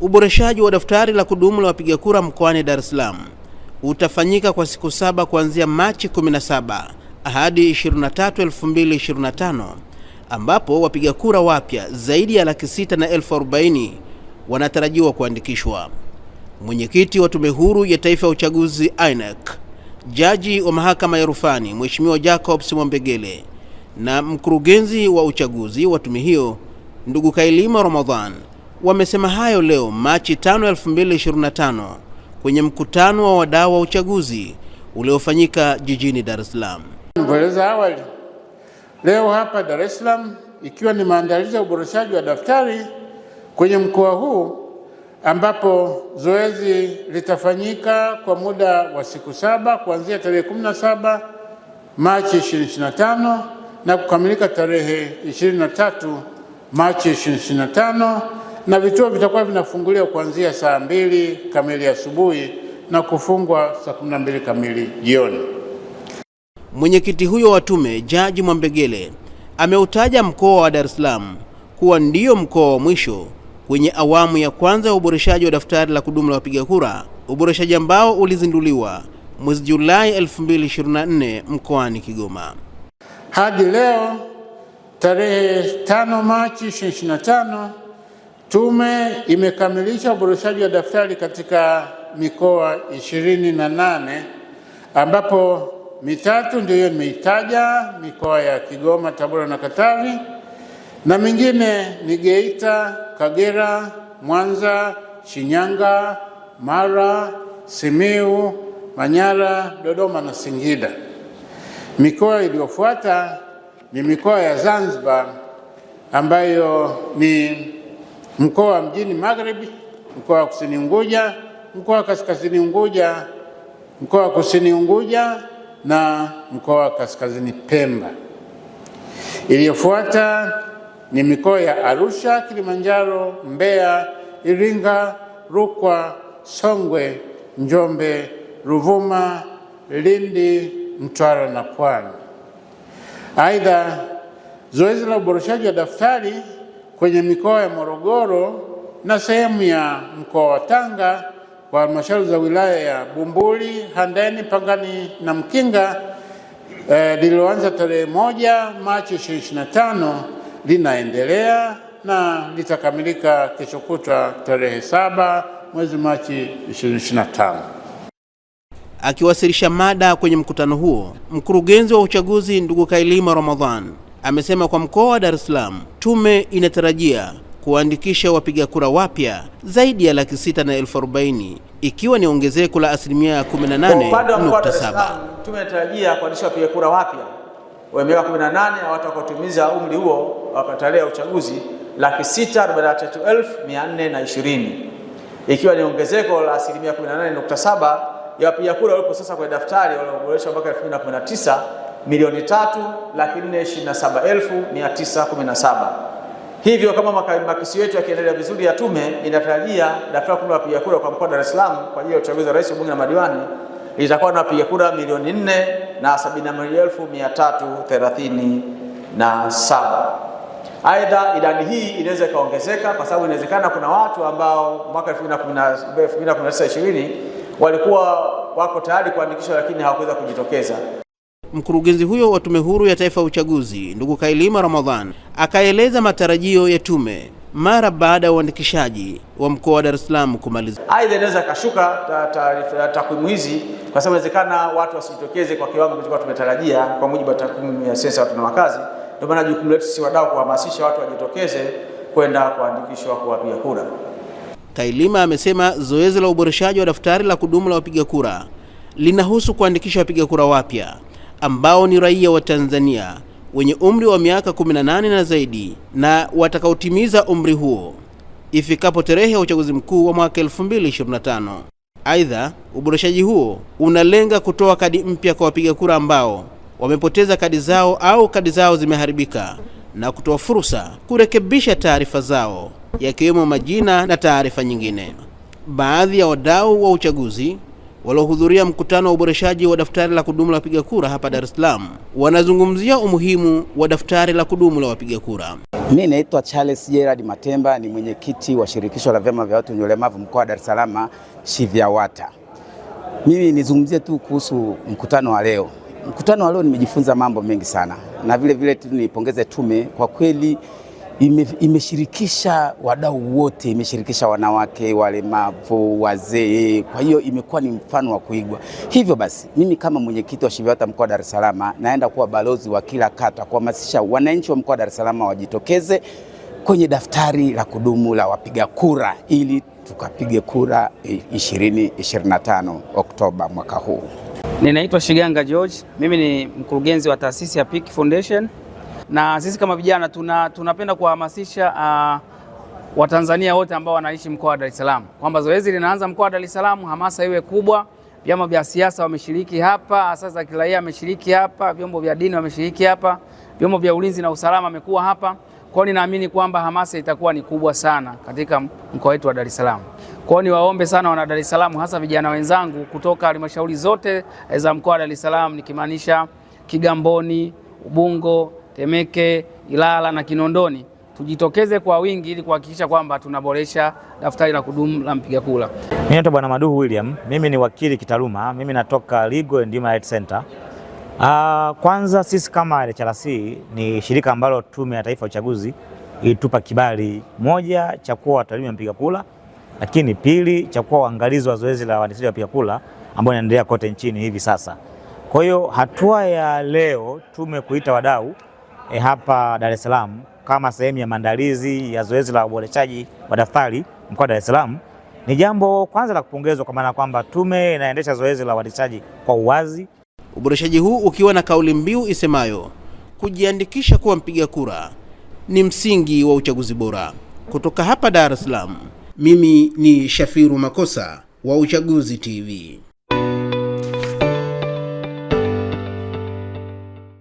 Uboreshaji wa daftari la kudumu la wapiga kura mkoani Dar es Salaam utafanyika kwa siku saba kuanzia Machi 17 hadi 23, 2025 ambapo wapiga kura wapya zaidi ya laki sita na elfu arobaini wanatarajiwa kuandikishwa. Mwenyekiti wa Tume Huru ya Taifa ya Uchaguzi INEC, jaji wa mahakama ya rufani Mheshimiwa Jacob simombegele na mkurugenzi wa uchaguzi wa tume hiyo ndugu Kailima Ramadhan Wamesema hayo leo Machi 5, 2025 kwenye mkutano wa wadau wa uchaguzi uliofanyika jijini Dar es Salaam. awali leo hapa Dar es Salaam, ikiwa ni maandalizi ya uboreshaji wa daftari kwenye mkoa huu ambapo zoezi litafanyika kwa muda wa siku saba kuanzia tarehe 17 Machi 25 na kukamilika tarehe 23 Machi 2025 na vituo vitakuwa vinafunguliwa kuanzia saa mbili kamili asubuhi na kufungwa saa 12 kamili jioni. Mwenyekiti huyo wa tume Jaji Mwambegele ameutaja mkoa wa Dar es Salaam kuwa ndiyo mkoa wa mwisho kwenye awamu ya kwanza ya uboreshaji wa daftari la kudumu la wapiga kura, uboreshaji ambao ulizinduliwa mwezi Julai 2024 mkoani Kigoma. Hadi leo tarehe 5 Machi 2025 Tume imekamilisha uboreshaji wa daftari katika mikoa ishirini na nane ambapo mitatu ndio hiyo nimeitaja, mikoa ya Kigoma, Tabora na Katavi, na mingine ni Geita, Kagera, Mwanza, Shinyanga, Mara, Simiu, Manyara, Dodoma na Singida. Mikoa iliyofuata ni mikoa ya Zanzibar ambayo ni mkoa wa mjini Magharibi, mkoa wa kusini Unguja, mkoa wa kaskazini Unguja, mkoa wa kusini Unguja na mkoa wa kaskazini Pemba. Iliyofuata ni mikoa ya Arusha, Kilimanjaro, Mbeya, Iringa, Rukwa, Songwe, Njombe, Ruvuma, Lindi, Mtwara na Pwani. Aidha, zoezi la uboreshaji wa daftari kwenye mikoa ya Morogoro na sehemu ya mkoa wa Tanga kwa halmashauri za wilaya ya Bumbuli, Handeni, Pangani na Mkinga eh, lililoanza eh, tarehe moja Machi 25 linaendelea na litakamilika kesho kutwa tarehe saba mwezi Machi 2025. Akiwasilisha mada kwenye mkutano huo, mkurugenzi wa uchaguzi ndugu Kailima Ramadhan Amesema kwa mkoa wa Dar es Salaam tume inatarajia kuandikisha wapiga kura wapya zaidi ya laki sita na elfu arobaini ikiwa ni ongezeko la asilimia 18.7. Tume inatarajia kuandikisha wapiga kura wapya wa miaka 18 na watu wakatimiza umri huo wakatarehe ya uchaguzi laki sita arobaini na tatu elfu mia nne na ishirini ikiwa ni ongezeko la asilimia 18.7 ya wapiga kura walipo sasa kwenye daftari walioboreshwa mwaka 2019 milioni tatu laki nne ishirini na saba elfu mia tisa kumi na saba. Hivyo kama makisi yetu yakiendelea vizuri ya tume inatarajia daftari kubwa la wapiga kura kwa mkoa wa Dar es Salaam kwa ajili ya uchaguzi wa rais, bunge na madiwani litakuwa na wapiga kura milioni nne na sabini na mbili elfu mia tatu thelathini na saba. Aidha, idadi hii inaweza ikaongezeka kwa sababu inawezekana kuna watu ambao mwaka 2019 20 walikuwa wako tayari kuandikishwa lakini hawakuweza kujitokeza. Mkurugenzi huyo wa Tume Huru ya Taifa ya Uchaguzi ndugu Kailima Ramadhan akaeleza matarajio ya tume mara baada ya uandikishaji wa mkoa wa Dar es Salaam kumaliza. Aidha, inaweza kashuka takwimu hizi kwa sababu inawezekana watu wasijitokeze kwa kiwango kilichokuwa tumetarajia kwa mujibu wa takwimu ya sensa watu na makazi. Ndio maana jukumu letu si wadau kuhamasisha watu wajitokeze kwenda kuandikishwa kuwapiga kura. Kailima amesema zoezi la uboreshaji wa daftari la kudumu la wapiga kura linahusu kuandikisha wapiga kura wapya ambao ni raia wa Tanzania wenye umri wa miaka 18 na zaidi na watakaotimiza umri huo ifikapo tarehe ya uchaguzi mkuu wa mwaka 2025. Aidha, uboreshaji huo unalenga kutoa kadi mpya kwa wapiga kura ambao wamepoteza kadi zao au kadi zao zimeharibika na kutoa fursa kurekebisha taarifa zao yakiwemo majina na taarifa nyingine. Baadhi ya wadau wa uchaguzi waliohudhuria mkutano wa uboreshaji wa daftari la kudumu la wapiga kura hapa Dar es Salaam wanazungumzia umuhimu wa daftari la kudumu la wapiga kura. Mimi naitwa Charles Gerard Matemba, ni mwenyekiti wa shirikisho la vyama vya watu wenye ulemavu mkoa wa Dar es Salaam SHIVYAWATA. Mimi nizungumzie tu kuhusu mkutano wa leo. Mkutano wa leo nimejifunza mambo mengi sana, na vile vile tu nipongeze tume kwa kweli ime, imeshirikisha wadau wote, imeshirikisha wanawake, walemavu, wazee. Kwa hiyo imekuwa ni mfano wa kuigwa. Hivyo basi, mimi kama mwenyekiti wa SHIVIWATA mkoa wa Dar es Salaam naenda kuwa balozi wa kila kata kuhamasisha wananchi wa mkoa wa Dar es Salaam wajitokeze kwenye daftari la kudumu la wapiga kura ili tukapige kura 2025 Oktoba mwaka huu. Ninaitwa Shiganga George, mimi ni mkurugenzi wa taasisi ya Peak Foundation na sisi kama vijana tuna, tunapenda kuwahamasisha uh, ah, Watanzania wote ambao wanaishi mkoa wa Dar es Salaam kwamba zoezi linaanza mkoa wa Dar es Salaam, hamasa iwe kubwa. Vyama vya siasa wameshiriki hapa, asasi za kiraia wameshiriki hapa, vyombo vya dini wameshiriki hapa, vyombo vya ulinzi na usalama wamekuwa hapa. Kwa hiyo ninaamini kwamba hamasa itakuwa ni kubwa sana katika mkoa wetu wa Dar es Salaam. Kwa hiyo niwaombe sana wana Dar es Salaam, hasa vijana wenzangu kutoka halmashauri zote eh, za mkoa wa Dar es Salaam, nikimaanisha Kigamboni, Ubungo Temeke, Ilala na Kinondoni tujitokeze kwa wingi ili kuhakikisha kwamba tunaboresha daftari la kudumu la mpiga kura. Mimi naitwa Bwana Maduhu William, mimi ni wakili kitaaluma, mimi natoka Legal and Human Rights Center. Uh, kwanza sisi kama LHRC ni shirika ambalo Tume ya Taifa ya Uchaguzi ilitupa kibali moja cha kuwa watalimu mpiga kura, lakini pili cha kuwa waangalizi wa zoezi la uandikishaji wa mpiga kura ambao inaendelea kote nchini hivi sasa. Kwa hiyo hatua ya leo tume kuita wadau e, hapa Dar es Salaam kama sehemu ya maandalizi ya zoezi la uboreshaji wa daftari mkoa wa Dar es Salaam ni jambo kwanza la kupongezwa, kwa maana kwamba tume inaendesha zoezi la uboreshaji kwa uwazi, uboreshaji huu ukiwa na kauli mbiu isemayo kujiandikisha kuwa mpiga kura ni msingi wa uchaguzi bora. Kutoka hapa Dar es Salaam, mimi ni Shafiru Makosa wa Uchaguzi TV.